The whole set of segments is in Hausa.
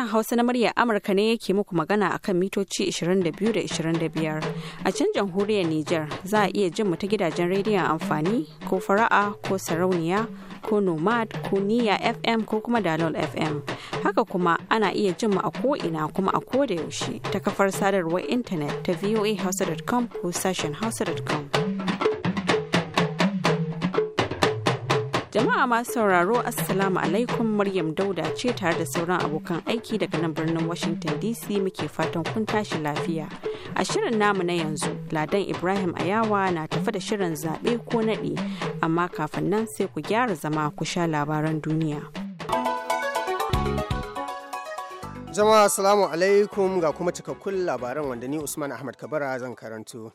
Sashen Hausa na muryar Amurka ne yake muku magana a kan mitoci 22 da 25. A can jamhuriyar Nijar za a iya jin mu ta gidajen rediyon amfani ko fara'a ko sarauniya ko nomad ko niya FM ko kuma dalol FM. Haka kuma ana iya jin mu a ko'ina kuma a ko da yaushe ta kafar sadarwar intanet ta voahausa.com ko sashen hausa.com. Jama'a masu sauraro Assalamu alaikum Maryam Dauda ce tare da sauran abokan aiki daga nan birnin Washington DC muke fatan kun tashi lafiya. A shirin namu na yanzu, Ladan Ibrahim Ayawa na tafi da shirin zaɓe ko naɗe, amma kafin nan sai ku gyara zama ku sha labaran duniya. Jama'a Assalamu alaikum ga kuma cikakkun labaran wanda ni Usman Ahmad Kabara zan karanto.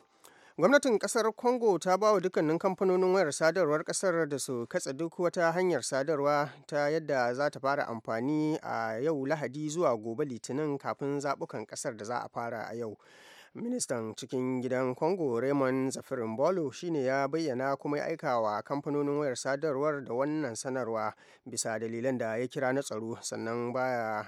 gwamnatin kasar congo ta ba wa dukkanin kamfanonin wayar sadarwar kasar da su katsa duk wata hanyar sadarwa ta yadda za ta fara amfani a yau lahadi zuwa gobe litinin kafin zabukan kasar da za a fara a yau ministan cikin gidan congo raymond zafirin bolo shine ya bayyana kuma ya aika wa kamfanonin wayar sadarwar da wannan sanarwa bisa dalilan da ya kira na tsaro sannan baya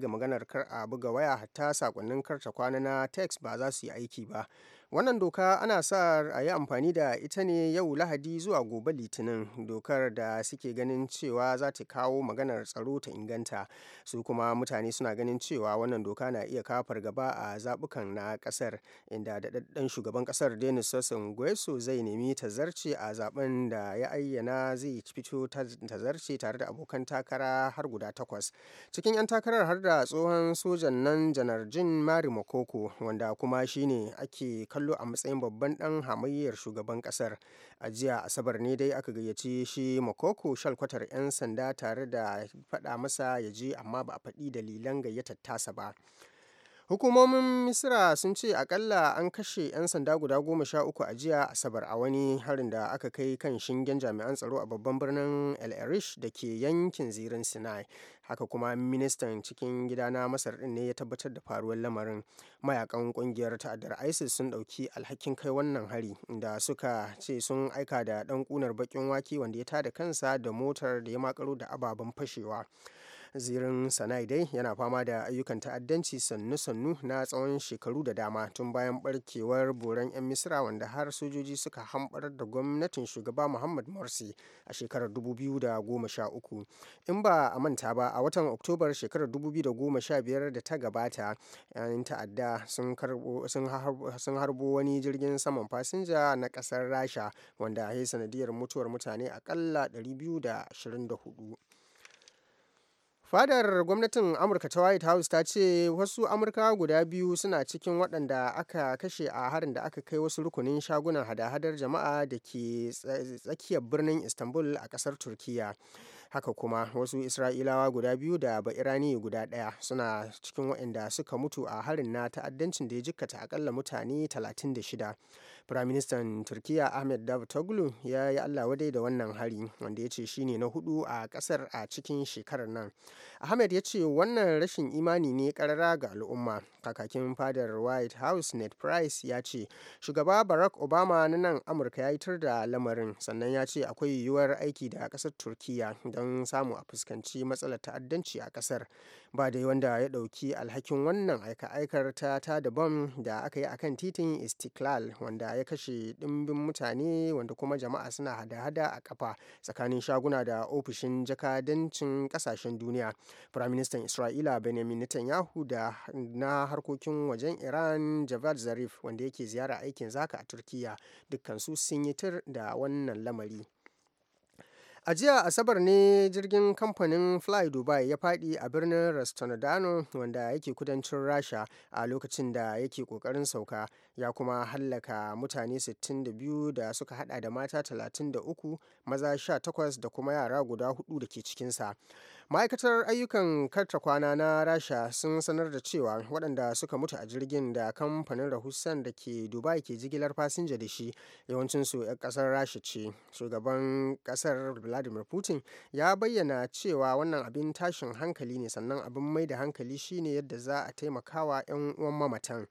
ga maganar kar a buga waya hatta sakonnin karta kwana na text ba za su yi aiki ba Wannan doka ana sa a yi amfani da ita ne yau Lahadi zuwa gobe Litinin dokar da suke ganin cewa za ta kawo maganar tsaro ta inganta su kuma mutane suna ganin cewa wannan doka na iya kawo fargaba a zabukan na kasar inda daɗaɗɗen shugaban ƙasar Denis sassan gueso zai nemi tazarce a zaben da ya ayyana zai fito tazarce tare da abokan takara har guda takwas. Cikin 'yan takarar har da tsohon sojan nan janar Jin Mari Makoko wanda kuma shine ake kallon kwallo a matsayin babban dan hamayyar shugaban kasar a jiya asabar ne dai aka gayyaci shi makoko shalkwatar 'yan sanda tare da faɗa masa ya je amma ba a faɗi dalilan gayyatar tasa ba Hukumomin Misira sun ce akalla an kashe 'yan sanda guda goma sha uku a jiya Asabar a wani harin da aka kai kan shingen jami'an tsaro a babban birnin El Arish da ke yankin zirin Sinai. Haka kuma ministan cikin gida na Masar ɗin ne ya tabbatar da faruwar lamarin. Mayakan kungiyar ta'addar ISIS sun ɗauki alhakin kai wannan hari da suka ce sun aika da ɗan ƙunar baƙin wake wanda ya tada kansa da motar da ya makaro da ababen fashewa. zirin sanai dai yana fama da ayyukan ta'addanci sannu-sannu na tsawon shekaru da dama tun bayan barkewar boran 'yan misira wanda har sojoji suka hambar da gwamnatin shugaba muhammad morsi a shekarar 2013 in ba a manta ba a watan oktobar shekarar 2015 da ta gabata 'yan ta'adda sun harbo wani jirgin saman fasinja na kasar rasha wanda ya sanadiyar mutuwar mutane akalla 224 Fadar gwamnatin Amurka ta White House ta ce wasu Amurkawa guda biyu suna cikin waɗanda aka kashe a harin da aka kai wasu rukunin shagunan hada-hadar jama'a da ke tsakiyar birnin Istanbul a ƙasar turkiya haka kuma wasu isra'ilawa guda biyu da ba'irani guda ɗaya suna cikin waɗanda suka mutu a harin na ta'addancin da ya jikkata akalla mutane 36 Firaministan Turkiyya Ahmed Davutoglu ya yi Allah wadai da wannan hari wanda ya ce shi ne na hudu a kasar a cikin shekarar nan. Ahmed ya ce wannan rashin imani ne karara ga al'umma. Kakakin fadar White House Ned Price ya ce shugaba Barack Obama na nan Amurka ya yitar da lamarin sannan ya ce akwai yiwuwar aiki da kasar Turkiyya don samu a fuskanci matsalar ta'addanci a kasar. Ba dai wanda ya dauki alhakin wannan aika-aikar ta ta da bom da aka yi akan titin Istiklal wanda ya kashe ɗimbin mutane wanda kuma jama'a suna hada-hada a kafa tsakanin shaguna da ofishin jakadancin ƙasashen duniya firaministan isra'ila benjamin netanyahu da na harkokin wajen iran javad zarif wanda yake ziyara aikin zaka a turkiya dukkansu sun yi tur da wannan lamari A jiya Asabar ne jirgin kamfanin fly dubai ya fadi a birnin Rasternodano wanda yake kudancin Rasha a lokacin da yake kokarin sauka ya kuma hallaka mutane 62 da suka hada da mata 33 maza 18 da kuma yara guda hudu da ke cikinsa. ma'aikatar ayyukan karta kwana na rasha sun sanar da cewa waɗanda suka mutu a jirgin da kamfanin rahusan da ke dubai ke jigilar fasinja da shi yawancinsu 'yan ƙasar rasha ce shugaban ƙasar vladimir putin ya bayyana cewa wannan abin tashin hankali ne sannan abin mai da hankali shine yadda za a taimakawa 'yan uwan mamatan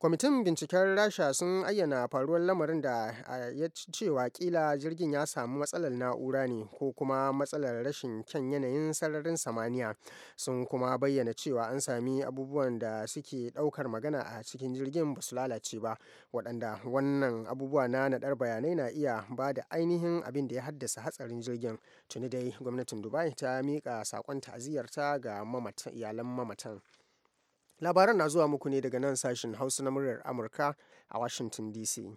kwamitin binciken rasha sun ayyana faruwar lamarin da ya cewa kila jirgin ya samu matsalar na'ura ne ko kuma matsalar rashin kyan yanayin sararin samaniya sun kuma bayyana cewa an sami abubuwan da suke ɗaukar magana a cikin jirgin ba su lalace ba waɗanda wannan abubuwa na naɗar bayanai na iya ba da ainihin abin da ya haddasa hatsarin jirgin tuni dai gwamnatin dubai ta miƙa saƙon ta'aziyarta ga iyalan mamatan labaran na zuwa muku ne daga nan sashen hausa na muryar amurka a washington dc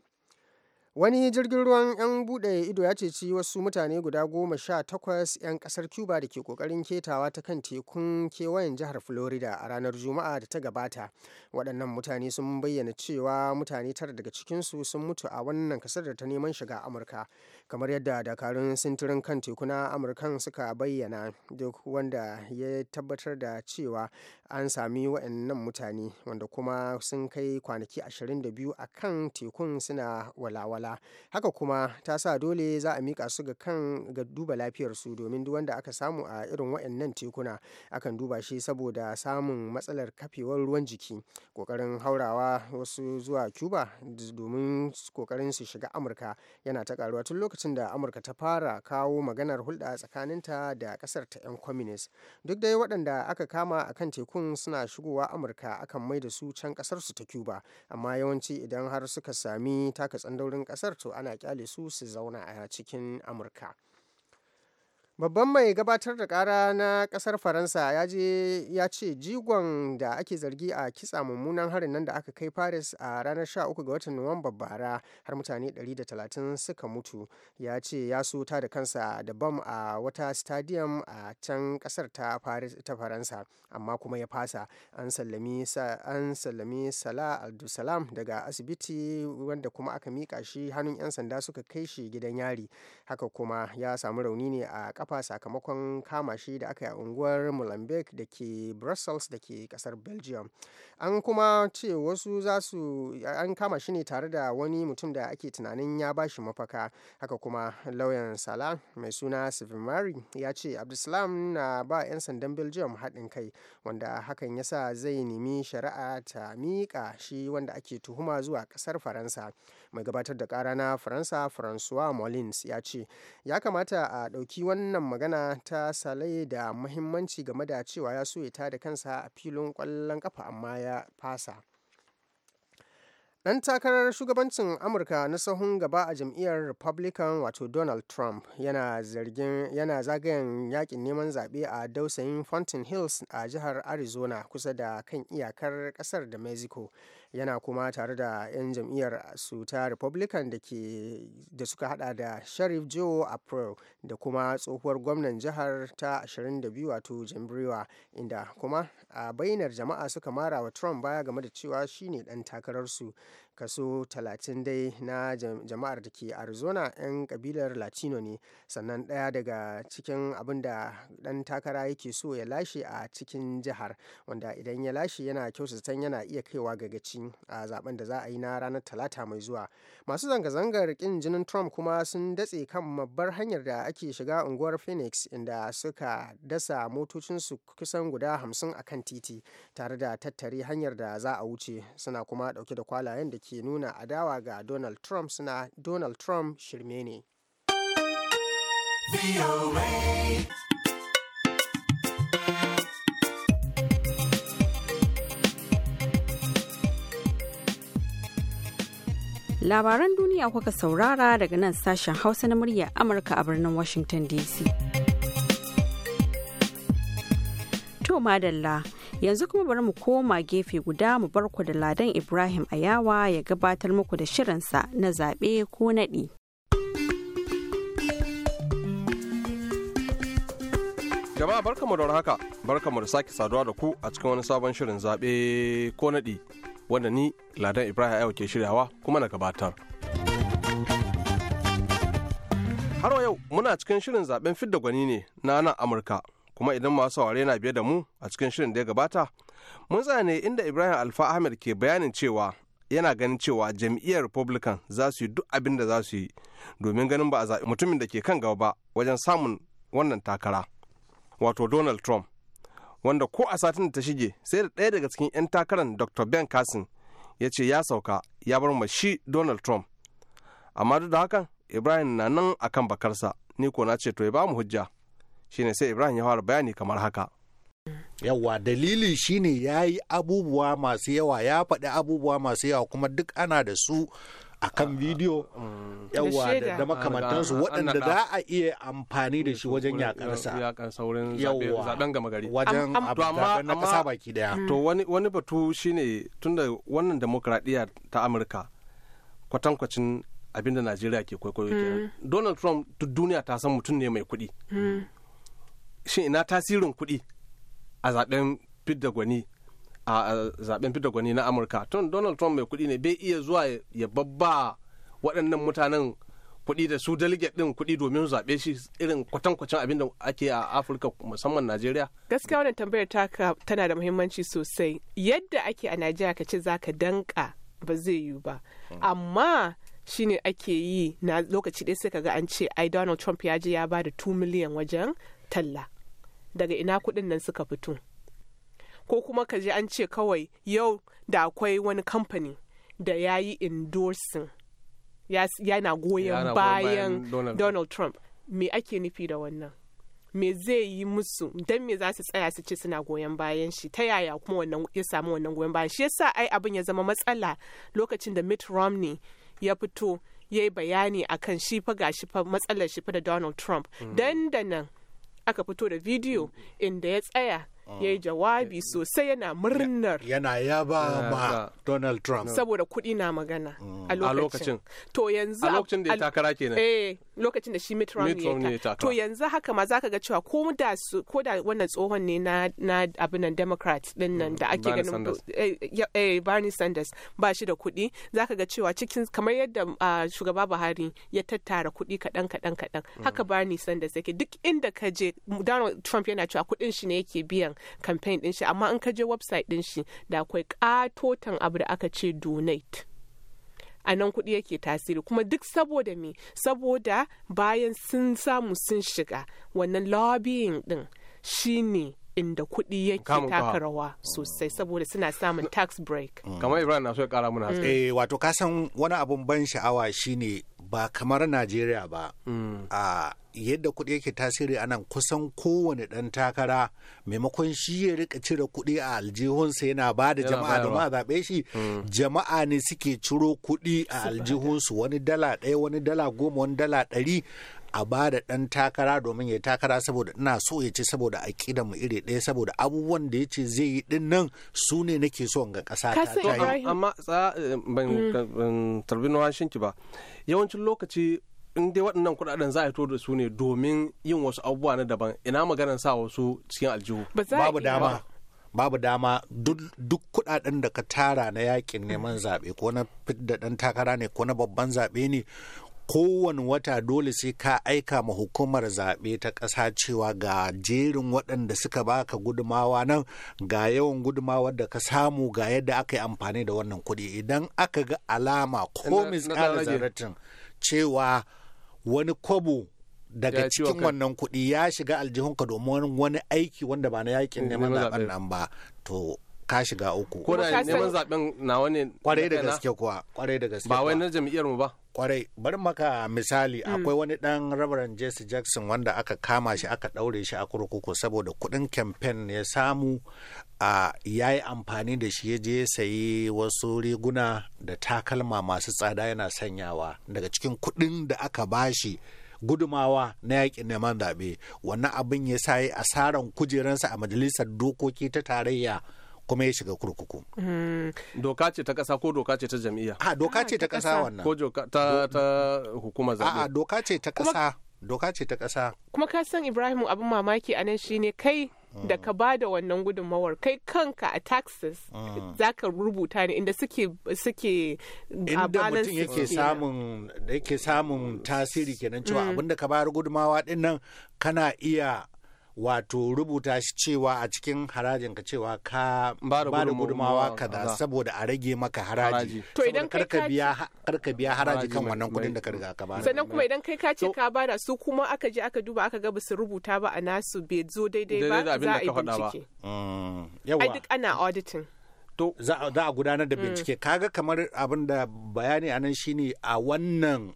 wani jirgin ruwan 'yan bude ido ya ceci wasu mutane guda goma sha takwas 'yan kasar cuba da ke kokarin ketawa ta kan tekun kewayen jihar florida a ranar juma'a da ta gabata waɗannan mutane sun bayyana cewa mutane tara daga cikinsu sun mutu a wannan kasar da ta neman shiga amurka kamar yadda dakarun sintirin kan teku na amurkan suka bayyana duk wanda ya tabbatar da cewa an sami waɗannan mutane wanda kuma sun kai kwanaki 22 a kan tekun suna walawala haka kuma ta sa dole za a mika su ga kan ga duba lafiyarsu domin duk wanda aka samu a irin waɗannan tekuna akan duba shi saboda samun matsalar kafewar ruwan jiki kokarin haurawa wasu zuwa cuba domin kokarin su shiga amurka yana ta karuwa tun lokacin lokacin da amurka ta fara kawo maganar hulɗa tsakaninta da ƙasar ta 'yan communist duk dai waɗanda aka kama a kan tekun suna shigowa amurka akan mai da su can ƙasarsu ta cuba amma yawanci idan har suka sami taka tsandaurin ƙasar to ana kyale su su zauna a cikin amurka Babban mai gabatar da kara na kasar Faransa ya ce jigon da ake zargi a kitsa mummunan harin nan da aka kai Paris a ranar 13 ga watan Nuwamba bara har mutane 130 suka mutu ya ce ya so ta da kansa da bam a wata stadium a can kasar ta Faransa amma kuma ya fasa an sallami al Abdulsalam daga asibiti wanda kuma aka mika shi hannun 'yan sanda suka kai shi gidan yari haka kuma ya samu rauni ne a kafa sakamakon kama shi da aka yi a unguwar Molenbeek da ke Brussels da ke kasar Belgium. An kuma ce wasu za su an kama shi ne tare da wani mutum da ake tunanin ya ba shi mafaka. Haka kuma lauyan sala mai suna Sivimari ya ce Abdulsalam na ba 'yan sandan Belgium haɗin kai wanda hakan ya sa zai nemi shari'a ta miƙa shi wanda ake tuhuma zuwa ƙasar Faransa. mai gabatar da kara na faransa francois molins ya ce ya kamata a ɗauki wannan magana ta salai da mahimmanci game da cewa ya so ta da kansa a filin ƙwallon ƙafa amma ya fasa Ɗan takarar shugabancin Amurka na sahun gaba a jam'iyyar Republican wato Donald Trump yana zargin yana zagayen yakin neman zaɓe a dausayin Fountain Hills a jihar Arizona kusa da kan iyakar ƙasar da Mexico. yana kuma tare da 'yan jam'iyyar su ta republican da suka hada da sharif joe april da kuma tsohuwar gwamnan jihar ta 22 wato jim inda kuma a bainar jama'a suka mara wa trump baya game da cewa shine dan takararsu kaso 30 dai na jama'ar da ke arizona 'yan kabilar latino ne sannan ɗaya daga cikin abin da ɗan takara yake so ya lashe a cikin jihar wanda idan ya lashe yana kyautatan yana iya kaiwa ga gaci a zaben da za a yi na ranar talata mai zuwa masu zanga-zangar kin jinin trump kuma sun datse kan babbar hanyar da ake shiga unguwar phoenix inda suka dasa motocinsu kusan guda hamsin a kan titi tare da tattare hanyar da za a wuce suna kuma dauke da kwalayen da ke nuna adawa ga donald trump suna donald trump shirme ne labaran duniya kuka saurara daga nan sashen hausa na murya amurka a birnin washington dc to madalla yanzu kuma bari mu koma gefe guda mu bar ku da ladan ibrahim ayawa ya gabatar muku da shirinsa na zaɓe ko naɗi jama'a barkamu da haka barkamu da sake saduwa da ku a cikin wani sabon shirin zaɓe ko naɗi wanda ni ladan ibrahim ayawa ke shiryawa kuma na gabatar har yau muna cikin shirin zaben fidda gwani ne na nan amurka kuma idan masu saurare na biye da mu a cikin shirin da ya gabata mun tsaya ne inda ibrahim alfa ahmed ke bayanin cewa yana ganin cewa jam'iyyar republican za su yi duk abin da za su yi domin ganin ba a zaɓi mutumin da ke kan gaba ba wajen samun wannan takara wato donald trump wanda ko a satin da ta shige sai da ɗaya daga cikin 'yan takarar dr ben carson ya ce ya sauka ya bar ma shi donald trump amma duk da hakan ibrahim na nan akan bakarsa ni ko na ce to ya ba mu hujja shine sai ibrahim ya fara bayani kamar haka yawa dalili shine ya yi abubuwa masu yawa ya faɗi abubuwa masu yawa kuma duk ana da su a kan bidiyo mm. yawa da makamantansu waɗanda za a iya amfani da shi wajen yakarsa yawa zaben gama gari wajen zaben na ƙasa baki daya to wani batu shine tunda wannan demokradiyya ta amurka kwatankwacin abinda najeriya ke kwaikwayo ke hmm. donald trump duniya ta san mutum ne mai kuɗi hmm. shin ina tasirin kuɗi a zaben fidda gwani a zaben fidda gwani na amurka tun donald trump mai kuɗi ne bai iya zuwa ya babba waɗannan mutanen kuɗi da su delegate ɗin kuɗi domin zaɓe shi irin kwatankwacin abin da ake a afirka musamman najeriya gaskiya wannan tambayar taka tana da muhimmanci sosai yadda ake a najeriya ka ce za ka danka ba zai yiwu ba amma shine ake yi na lokaci ɗaya sai ka ga an ce ai donald trump ya je ya ba da 2 miliyan wajen talla daga ina kuɗin nan suka fito ko kuma ka je an ce kawai yau da akwai wani kamfani da ya yi endorsing yana goyon bayan donald trump me ake nufi da wannan me zai yi musu don me za su tsaya su ce suna goyon bayan shi ta yaya kuma wannan ya samu wannan goyon bayan shi yasa ai abin ya zama matsala lokacin da Mitt Romney ya fito ya yi bayani akan shi fa gashi fa matsalar shi fa da Donald Trump mm. dan aka fito da bidiyo mm. inda ya tsaya ah. ya yi jawabi eh, sosai yana murnar yana ba ma Donald Trump saboda kuɗi na magana mm. a lokacin to yanzu a lokacin da ya takara kenan eh, lokacin da shi Mitt Romney ta to yanzu haka ma zaka ga cewa ko da su ko da wannan tsohon ne na na abin nan Democrat din nan mm, da ake ganin eh, eh Bernie Sanders ba shi da kuɗi zaka ga cewa cikin kamar yadda shugaba Buhari ya tattara kuɗi kaɗan kaɗan kaɗan mm. haka Bernie Sanders yake duk inda ka je Donald Trump yana cewa kuɗin shi ne yake biyan campaign din shi amma in ka je website din shi da akwai katotan abu da aka ce donate a nan kuɗi yake tasiri kuma duk saboda me saboda bayan sun samu sun shiga wannan lobbying din shine inda kuɗi yake taka rawa sosai saboda suna samun tax break. Mm. Kamar Ibrahim na so ya kara muna Eh wato kasan wani abun ban sha'awa shine ba kamar Najeriya ba. Mm. A ah, yadda kuɗi yake tasiri anan kusan kowane ɗan takara maimakon shi ya rika cire kuɗi a aljihunsa yana ba da jama'a domin a zaɓe shi hmm. jama'a ne suke ciro kuɗi a aljihunsu wani dala ɗaya wani dala goma wani dala ɗari a ba da ɗan takara domin ya takara saboda ina so ya ce saboda a ƙidan mu iri ɗaya saboda abubuwan da ya ce zai yi ɗin nan su ne nake so ga ƙasa ta ta yi. Amma eh, hmm. ban tarbi na ba yawancin lokaci in dai waɗannan kuɗaɗen za a fito da su ne domin yin wasu abubuwa na daban ina maganar sa wasu cikin aljihu babu dama babu dama duk kuɗaɗen da ka tara na yakin neman zaɓe ko na fidda ɗan takara ne ko na babban zaɓe ne kowane wata dole sai ka aika ma hukumar zaɓe ta ƙasa cewa ga jerin waɗanda suka baka gudumawa nan ga yawan gudumawa da ka samu ga yadda aka yi amfani da wannan kuɗi idan aka ga alama ko misƙalar zaratin cewa wani kwabo daga cikin wannan kuɗi ya shiga aljihunka domin wani aiki wanda ba na yakin neman zaben nan ba to ka shiga uku ko da neman zaben na wani kwarai da gaske kuwa kwarai da gaske ba wai na jam'iyyar mu ba kwarai bari maka misali hmm. akwai wani dan rabaran Jesse Jackson wanda aka kama shi aka daure shi a kurkuku saboda kudin campaign ya samu a ya yi amfani da shi ya je sayi wasu riguna da takalma masu tsada yana sanyawa daga cikin kudin da aka bashi gudumawa na yakin neman zaɓe wannan abin ya sa asaran kujeransa a majalisar dokoki ta tarayya kuma ya shiga kurkuku. Hmm. Doka ce ta kasa ko doka ce ta jam'iyya? Ah, a ah, doka ce ta kasa. wannan. Ko ta hukumar zaɓe? A doka ce ta kasa. Doka ce ta kasa. Kuma ka san Ibrahim abin mamaki a nan shine kai hmm. da ka ba da wannan gudunmawar kai kanka a taxes hmm. za ka rubuta ne inda suke suke inda mutum yake samun da yake samun tasiri kenan cewa abinda ka bayar gudunmawa din nan kana iya wato rubuta shi cewa a cikin harajin ka cewa ka ba da gudumawa da saboda a rage maka haraji to idan kai ka biya karka biya haraji kan wannan kudin da ka riga ka ba sannan kuma idan kai ka ce ka ba da su kuma aka je aka duba aka ga ba su rubuta ba a nasu bai zo daidai ba za a yi bincike mm, yawa duk ana auditing to za a gudanar da mm. bincike kaga kamar abin da bayani anan shine a wannan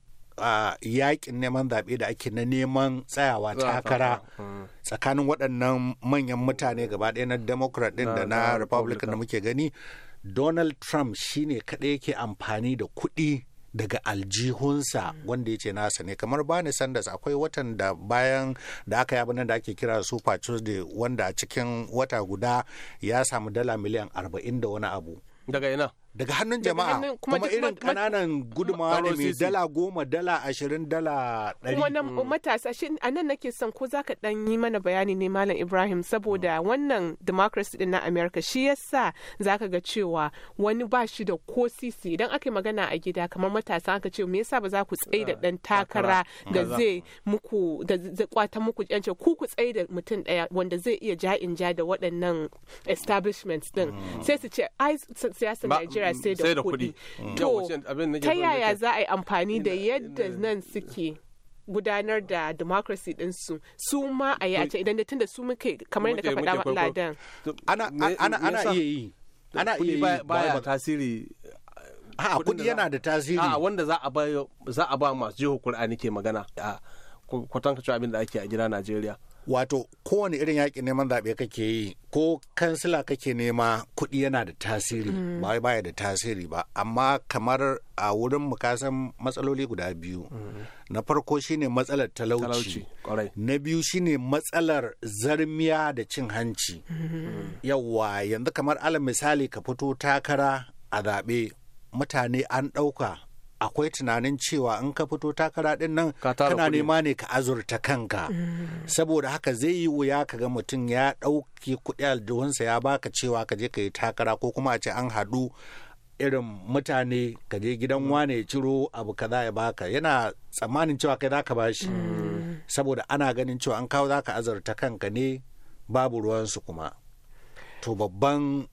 yakin neman zaɓe da ake na neman tsayawa takara hmm. tsakanin waɗannan manyan mutane gaba ɗaya na democrat ɗin da na republican da muke gani donald trump shine kaɗai yake amfani da kuɗi daga aljihunsa wanda ya ce nasa ne kamar bani sanders akwai watan da bayan da aka yi nan da ake kira super tuesday wanda a cikin wata guda ya samu dala miliyan arba'in da wani abu daga ina daga hannun jama'a kuma irin kananan gudumawa ne mai dala goma dala ashirin dala ɗari kuma mm. matasa shi a nan nake son ko zaka ɗan yi mana bayani ne malam ibrahim saboda mm. wannan democracy din na america shi yasa zaka ga cewa wani ba shi da ko sisi idan aka yi magana a gida kamar matasa aka ce me yasa ba za ku tsaye da dan ah, takara da zai muku da zai kwata muku yance ku ku tsaye da mutum daya wanda zai iya ja in ja da waɗannan establishments din mm. sai su ce ai siyasar Najeriya naira sai da kuɗi to ta yaya za a yi amfani da yadda nan suke gudanar da democracy ɗinsu su ma a yi a can idan da da su muke kamar yadda ka faɗa ladan ana iya yi ana iya yi baya tasiri ha kudi yana da tasiri Ha, wanda za a ba masu jiho kur'ani ke magana a kwatanka abin da ake a gida Najeriya wato kowane irin yaƙi neman zaɓe kake yi ko kansila kake nema kuɗi yana da tasiri mm. ba baya da tasiri ba amma kamar a wurin mukasan matsaloli guda biyu mm. na farko shine matsalar talauci na biyu shine matsalar zarmiya da cin hanci mm-hmm. yawa yanzu kamar alal misali ka fito takara a zaɓe mutane an ɗauka akwai tunanin cewa in ka fito takara din nan kana nema ne ka azurta kanka mm. saboda haka zai yi wuya ka ga mutum ya ɗauki kuɗi aljihunsa ya baka cewa ka je ka yi takara ko kuma a ce an haɗu irin mutane ka je gidan mm. wane ya ciro abu kaza ya baka yana tsammanin cewa kai za ka bashi mm. saboda ana ganin cewa an kawo za ka azurta kanka ne babu ruwansu kuma to babban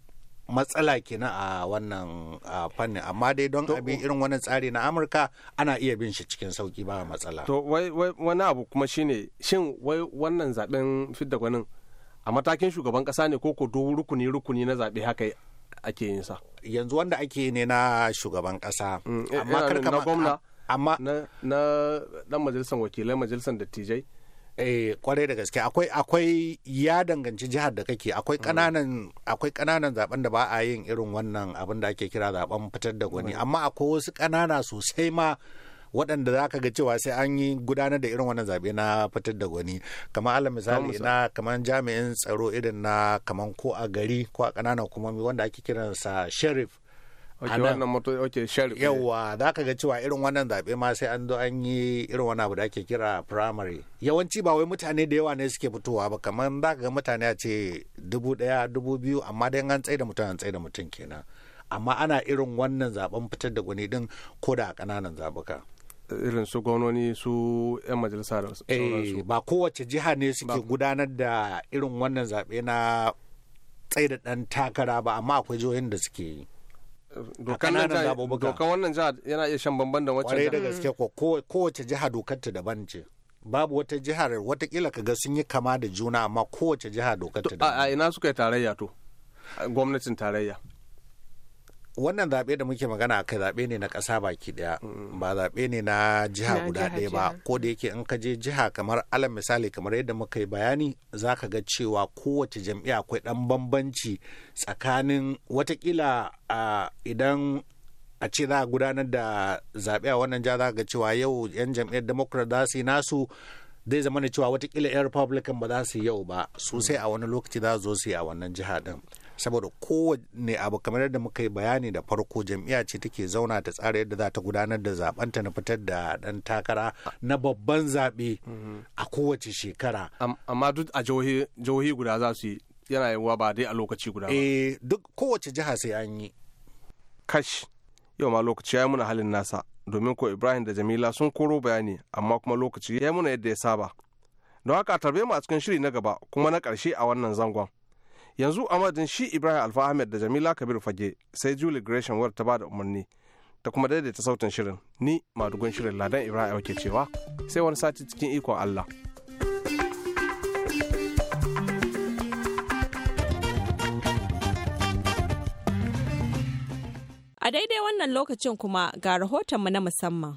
matsala kenan a wannan fannin amma dai don abin irin wannan tsari na amurka ana iya bin shi cikin sauki ba matsala to wani abu kuma shine shin wai wannan zaben fidda gwanin a matakin shugaban kasa ne ko ko rukuni rukuni na zabe haka ake yin sa yanzu wanda ake ne na shugaban kasa mm, amma eh, eh, na gwamna amma na dan majalisar wakilai majalisar dattijai Eh, kwarai da gaske akwai akwai ya danganci jihar da kake akwai kananan mm. akwai kananan zaben da ba a yin irin wannan abin da ake kira zaben fitar da gwani amma akwai wasu kanana sosai ma waɗanda za ka ga cewa sai an yi gudanar da irin wannan zaɓe na fitar da gwani kamar alal misali na kamar jami'in tsaro irin na kamar ko a gari ko a ƙananan hukumomi wanda ake kiransa sheriff Okay, wannan moto okay, share. Yawa za ka ga cewa irin wannan zaɓe ma sai an zo an yi irin wani abu da ake kira primary. Yawanci ba wai mutane da yawa ne suke fitowa ba kamar za ka ga mutane a ce dubu ɗaya dubu biyu amma dai an tsaye da mutum an tsaye da mutum kenan. Amma ana irin wannan zaɓen fitar da gwani din ko da a ƙananan zaɓuka. irin su gwamnoni su 'yan majalisa da sauransu. Eh, ba kowace jiha ne suke gudanar da irin wannan zaɓe na tsaye da ɗan takara ba amma akwai jihohin da suke yi. dokan nan dokan wannan jiha yana iya shan bamban da wacce kwarai da gaske ko kowace jiha dokar ta daban ce babu wata jihar watakila kaga sun yi kama da juna amma kowace jiha dokar ta daban a ina suka yi tarayya to gwamnatin tarayya wannan zaɓe da muke magana kai zaɓe ne na ƙasa baki ɗaya mm. ba zaɓe ne na jiha guda ɗaya ba ko da yake in ka je jiha kamar alal misali kamar yadda muka yi bayani za ka ga cewa kowace jam'iyya akwai ɗan bambanci tsakanin watakila idan a ce za a gudanar da zaɓe a wannan jiha za ga cewa yau 'yan jam'iyyar democrat za su yi nasu zai zama da cewa watakila 'yan republican ba za su yi yau ba sosai mm. a wani lokaci za su zo su yi a wannan jiha ɗin saboda kowane abu kamar yadda muka yi bayani da farko jam'iyya ce take zauna ta tsara yadda za ta gudanar da zabanta na fitar da dantakara. takara na babban zaɓe a kowace shekara amma duk a jihohi guda za su yi yana yiwuwa ba dai a lokaci guda ba eh, duk kowace jiha sai an yi kash yau ma lokaci ya muna halin nasa domin ko ibrahim da jamila sun koro bayani amma kuma lokaci ya muna yadda ya saba don haka tarbe mu a cikin shiri na gaba kuma na karshe a wannan zangon yanzu a madadin shi ibrahim alfa ahmed da jamila kabir fage sai julie gresham wadda ta ba da umarni ta kuma daidaita sautin shirin ni madugun shirin ladan ibrahim ke cewa sai wani sati cikin ikon allah a daidai wannan lokacin kuma ga rahotonmu na musamman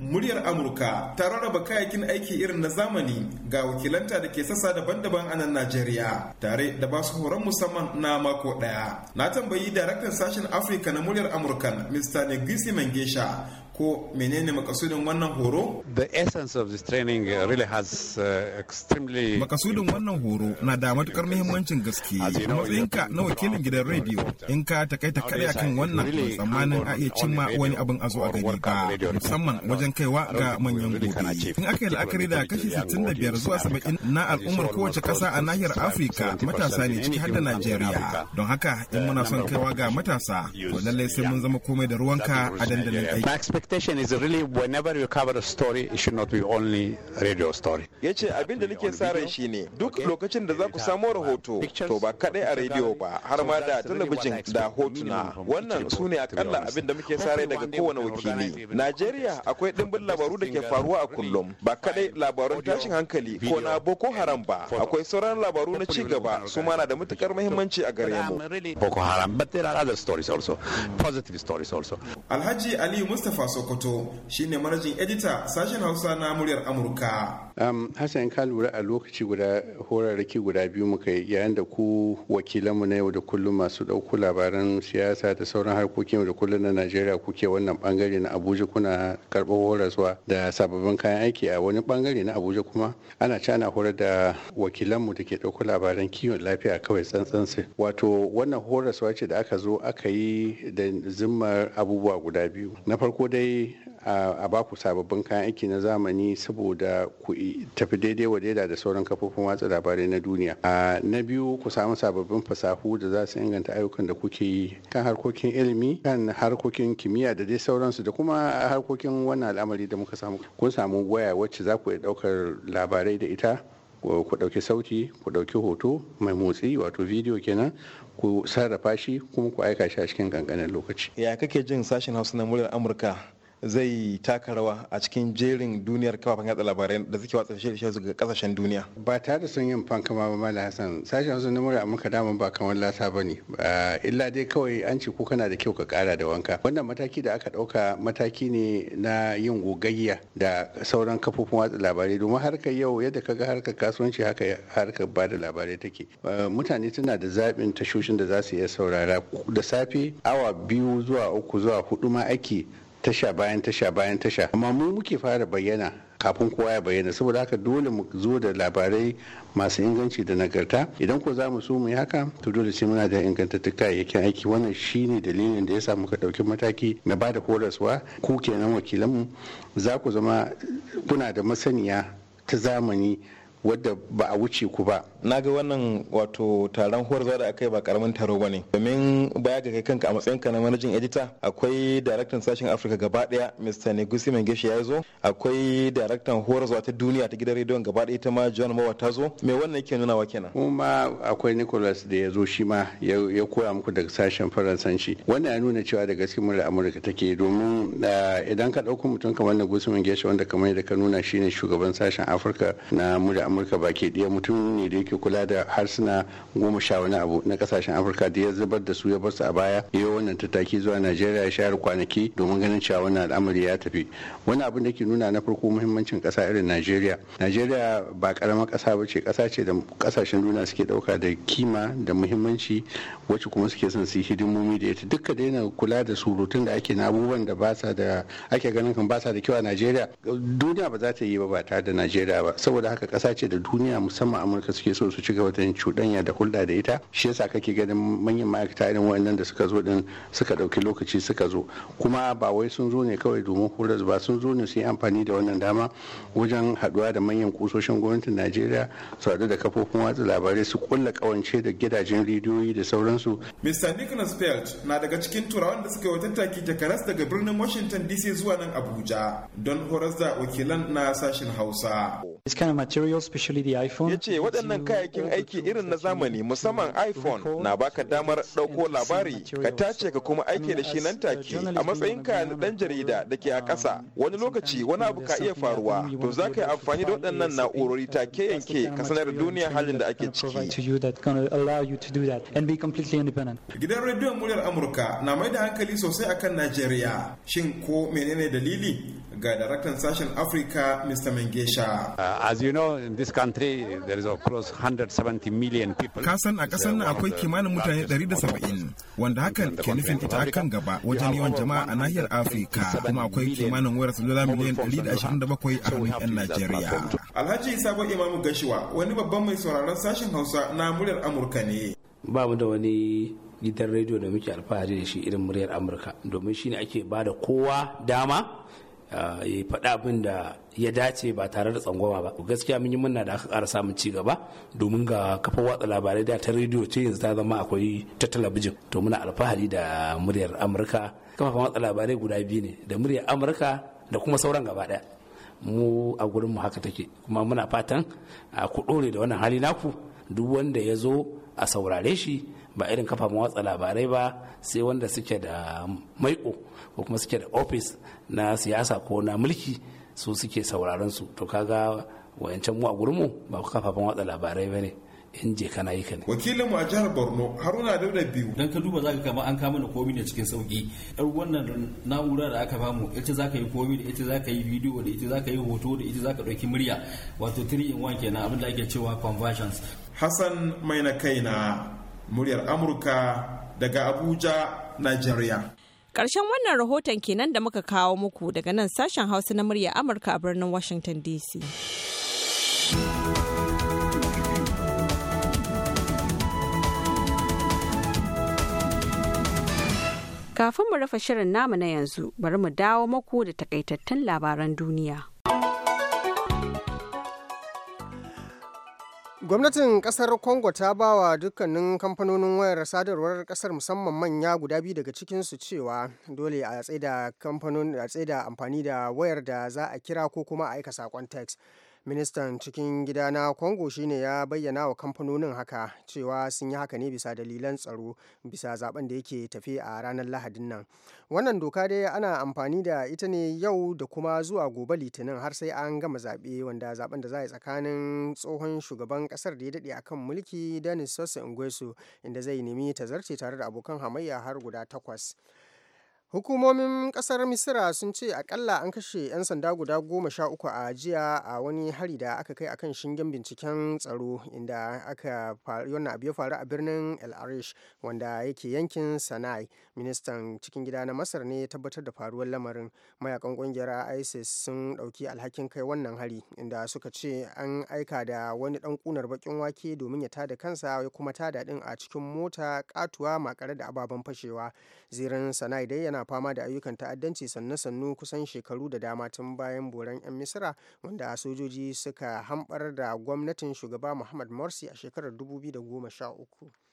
Muryar Amurka ta rarraba kayakin aiki irin na zamani ga wakilanta da ke sassa daban-daban a nan Najeriya tare da ba su horon musamman na mako ɗaya. Na tambayi daraktan sashen Afirka na muryar Amurkan Mr. Negisi Mangesha ko menene makasudin wannan horo? The essence of this training uh, really has uh, extremely Makasudin wannan horo na da matukar muhimmancin gaske ka na wakilin gidan rediyo in ka takaita kare akan wannan tsammanin a iya cimma wani abin a zo a gani ka musamman wajen kaiwa ga manyan gobe. In aka yi la'akari da kashi 65 zuwa 70 na al'ummar kowace kasa a nahiyar Afirka matasa ne ciki har da Najeriya. Don haka in uh, muna son kaiwa ga matasa to lallai sai mun zama komai da ruwanka a dandalin aiki. expectation is really whenever you cover a story it should not be only radio story ya ce abin da nake sa shine duk lokacin da za ku samo rahoto to ba kadai a radio ba har ma da talabijin da hotuna wannan su ne akalla abin da muke sa daga kowane wakili najeriya akwai dimbin labaru da ke faruwa a kullum ba kadai labaran tashin hankali ko na boko haram ba akwai sauran labaru na ci gaba su na da matukar muhimmanci a gare mu boko haram but there are other stories also positive stories also alhaji ali mustafa Sokoto shine manajin edita sashen Hausa na muryar Amurka. Um, Hassan ka lura a lokaci guda horarraki guda biyu muka yi yayin da ku wakilanmu na yau da kullum masu ɗauko labaran siyasa da sauran harkokin da kullum na Najeriya kuke wannan bangare na Abuja kuna karɓar horaswa da sababbin kayan aiki a wani bangare na Abuja kuma ana ci ana horar da wakilanmu da ke ɗauko labaran kiwon lafiya kawai tsantsan su wato wannan horaswa ce da aka zo aka yi da zimmar abubuwa guda biyu na farko dai lallai a baku sababbin kayan aiki na zamani saboda ku tafi daidai wa daida da sauran kafofin watsa labarai na duniya na biyu ku samu sababbin fasahu da za su inganta ayyukan da kuke yi kan harkokin ilimi kan harkokin kimiyya da dai sauransu da kuma harkokin wannan al'amari da muka samu kun samu waya wacce za ku iya ɗaukar labarai da ita ku ɗauki sauti ku ɗauki hoto mai motsi wato bidiyo kenan ku sarrafa shi kuma ku aika shi a cikin kankanin lokaci ya kake jin sashen hausa na muryar amurka zai taka rawa a cikin jerin duniyar kafafen yatsa labarai da suke watsa shirye shirye ga kasashen duniya ba tare da sun yin fankama ba mala hassan sashen hausa na a muka damun ba kamar lasa ba ne illa dai kawai an ce ko kana da kyau ka kara da wanka wannan mataki da aka dauka mataki ne na yin gogayya da sauran kafofin watsa labarai domin harkar yau yadda ka ga harkar kasuwanci haka harkar ba da labarai take mutane suna da zaɓin tashoshin da za su iya saurara da safe awa biyu zuwa uku zuwa hudu ma ake tasha bayan tasha bayan tasha amma mu muke fara bayyana kafin kowa ya bayyana saboda haka dole mu zo da labarai masu inganci da nagarta idan ko za mu so mu yi haka to dole sai muna da ingantattun kayayyakin aiki wannan shine dalilin da ya sa muka ɗauki mataki na bada horaswa ku kenan wakilanmu za ku zama kuna da masaniya ta zamani wadda ba a wuce ku ba na ga wannan wato taron horza da aka yi ba karamin taro ba ne domin baya ga kai kanka a ka na manajin edita akwai daraktan sashen afirka gaba daya mr negusi mengeshi ya zo akwai daraktan zuwa ta duniya ta gidan rediyon gaba daya ta ma john mawa ta zo me wannan yake nunawa kenan kuma akwai nicholas da ya zo shi ma ya koya muku daga sashen faransanci wannan ya nuna cewa da gaske murar amurka take domin eh, idan ka ɗauko mutum kamar negusi mengeshi wanda kamar yadda ka nuna shine shugaban sashen afirka na murar amurka baki ɗaya mutum ne da yake kula da harsuna goma sha wani abu na kasashen afirka da ya zubar da su ya bar su a baya ya wannan tattaki zuwa najeriya ya share kwanaki domin ganin cewa wannan al'amari ya tafi wani abun da ke nuna na farko muhimmancin ƙasa irin najeriya najeriya ba karamar ƙasa ba ce ƙasa ce da ƙasashen duniya suke ɗauka da kima da muhimmanci wacce kuma suke son su yi hidimomi da ita duka daina kula da surutun da ake na abubuwan da ba sa da ake ganin kan ba sa da kyau a najeriya duniya ba za ta yi ba ba tare da najeriya ba saboda haka ƙasa ce ce da duniya musamman amurka suke so su ci gaba da cuɗanya da hulɗa da ita shi yasa kake ganin manyan ma'aikata irin waɗannan da suka zo din suka ɗauki lokaci suka zo kuma ba wai sun zo ne kawai domin horas ba sun zo ne su yi amfani da wannan dama wajen haɗuwa da manyan kusoshin gwamnatin najeriya su haɗu da kafofin watsa labarai su kulla ƙawance da gidajen rediyoyi da sauransu. mr nicholas felt na daga cikin turawan da suka wata tattaki jakaras daga birnin washington dc zuwa nan abuja don horas da wakilan na sashen hausa. This kind of material, especially the iPhone. Ya ce waɗannan kayayyakin aiki irin na zamani musamman iPhone na baka damar ɗauko labari ka tace ka kuma aiki da shi nan take a matsayin ka na ɗan jarida da ke a um, ƙasa. Wani lokaci wani abu ka iya faruwa to za ka yi amfani da waɗannan na'urori uh, take yanke ka sanar da duniya halin da ake ciki. Gidan rediyon muryar Amurka na mai da hankali sosai akan Najeriya. Shin ko menene dalili ga daraktan sashen Afirka Mr. Mengesha? Ah, Uh, as you know, in this country, Kasan a kasan nan akwai kimanin mutane 170 wanda hakan ke nufin ita kan gaba wajen yawan jama'a a nahiyar Afirka kuma akwai kimanin wayar salula miliyan 127 a hannun 'yan Najeriya. Alhaji Sabo Imamu Gashiwa wani babban mai sauraron sashen Hausa na muryar Amurka ne. Ba mu da wani gidan rediyo da muke alfahari da shi irin muryar Amurka domin shine ake ba da kowa dama ya faɗa abin da ya dace ba tare da tsangwama ba gaskiya mun yi munna da aka ƙara samun ci gaba domin ga kafar watsa labarai da ta rediyo ce yanzu ta zama akwai ta talabijin to muna alfahari da muryar amurka kafafen watsa labarai guda biyu ne da muryar amurka da kuma sauran gaba ɗaya mu a gurin mu haka take kuma muna fatan ku ɗore da wannan hali naku duk wanda ya zo a saurare shi ba irin kafafen watsa labarai ba sai wanda suke da maiko ko kuma suke da ofis na siyasa ko na mulki su suke sauraron su to kaga wayancan mu a gurin mu ba kafafen watsa labarai ba ne in je kana yi ka ne. wakilin mu a jihar borno haruna da biyu dan ka duba zaka kama an kama da komi ne cikin sauki yar wannan na'ura da aka bamu ita zaka yi komi da ita zaka yi bidiyo da ita zaka yi hoto da ita zaka dauki murya wato 3 in 1 kenan abin da ake cewa conversions hassan mai na kaina muryar amurka daga abuja nigeria Ƙarshen wannan rahoton kenan da muka kawo muku daga nan sashen Hausa na murya Amurka a birnin Washington DC. Kafin mu rufe shirin namu na yanzu, bari mu dawo muku da takaitattun labaran duniya. Gwamnatin kasar Congo ta ba wa dukkanin kamfanonin wayar sadarwar kasar musamman manya guda biyu daga cikinsu cewa dole a tsaida amfani da wayar da za a kira ko kuma a aika sakon text. ministan cikin gida na congo shine ya bayyana wa kamfanonin haka cewa sun yi haka ne bisa dalilan tsaro bisa zaben da yake tafi a ranar lahadin nan wannan doka dai ana amfani da ita ne yau da kuma zuwa gobe litinin har sai an gama zaɓe wanda zaben da za a yi tsakanin tsohon shugaban kasar da ya daɗe akan mulki denis sosai ingwesu inda zai nemi ta zarce tare da abokan hamayya har guda takwas Hukumomin kasar Misira sun ce akalla an kashe 'yan sanda guda goma sha uku a jiya a wani hari da aka kai akan shingen binciken tsaro inda aka wannan abu ya faru a birnin El Arish wanda yake yankin Sana'i. Ministan cikin gida na Masar ne ya tabbatar da faruwar lamarin. Mayakan kungiyar ISIS sun ɗauki alhakin kai wannan hari inda suka ce an aika da wani dan kunar bakin wake domin ya tada kansa ya kuma tada din a cikin mota katuwa makare da ababen fashewa. Zirin Sana'i dai yana fama da ayyukan ta'addanci sannu-sannu kusan shekaru da dama tun bayan boran 'yan misira wanda sojoji suka hambar da gwamnatin shugaba muhammad morsi a shekarar 2013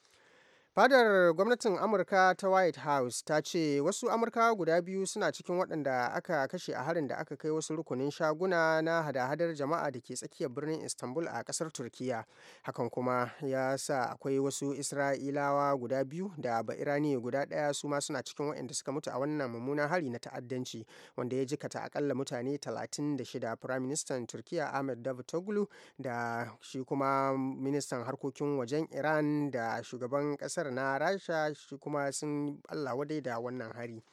Fadar gwamnatin Amurka ta White House ta ce wasu Amurkawa guda biyu suna cikin waɗanda aka kashe a harin da aka kai wasu rukunin shaguna na hada-hadar jama'a da ke tsakiyar birnin Istanbul a ƙasar Turkiyya. Hakan kuma ya sa akwai wasu Isra'ilawa guda biyu da irani guda ɗaya su ma suna cikin waɗanda suka mutu a wannan mummunan hari na ta'addanci wanda ya jikata akalla mutane 36 Firaministan Turkiyya Ahmed Davutoglu da shi kuma ministan harkokin wajen Iran da shugaban ƙasar kasar na rasha shi kuma sun allah wadai da wannan hari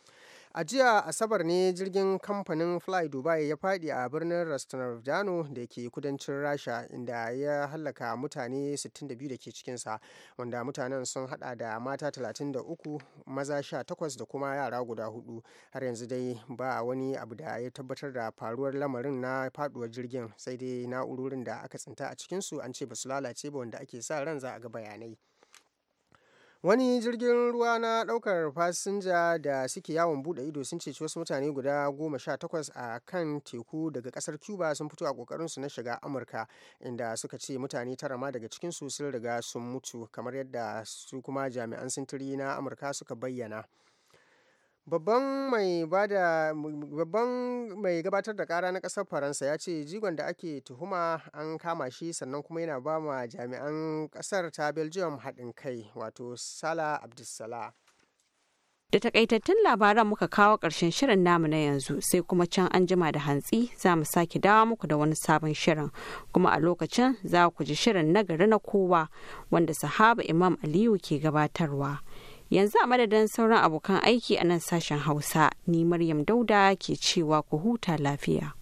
a jiya asabar ne jirgin kamfanin fly dubai ya fadi a birnin rostovdano da ke kudancin rasha inda ya hallaka mutane 62 da ke cikinsa wanda mutanen sun hada da mata 33 maza 18 da kuma yara guda hudu har yanzu dai ba wani abu da ya tabbatar da faruwar lamarin na faduwar jirgin sai dai na'urorin da aka tsinta a cikinsu an ce ba su lalace ba wanda ake sa ran za a ga bayanai Wani jirgin ruwa na daukar fasinja da suke yawon bude ido sun ceci wasu mutane guda goma sha takwas a kan teku daga kasar Cuba sun fito a kokarin su na shiga Amurka inda suka ce mutane tara ma daga su sun riga sun mutu kamar yadda su kuma jami'an sintiri na Amurka suka bayyana. Babban mai bada babban mai gabatar da ƙara na ƙasar Faransa ya ce jigon da ake tuhuma an kama shi sannan kuma yana ba ma jami'an ƙasar ta Belgium haɗin kai wato sala Abdulsalah. Da takaitattun labaran muka kawo ƙarshen shirin namu na yanzu sai kuma can an jima da hantsi za mu sake dawo muku da wani sabon shirin kuma a lokacin za ku ji shirin na gari na kowa wanda sahaba Imam Aliyu ke gabatarwa. yanzu a madadin sauran abokan aiki a nan sashen hausa ni maryam dauda ke cewa ku huta lafiya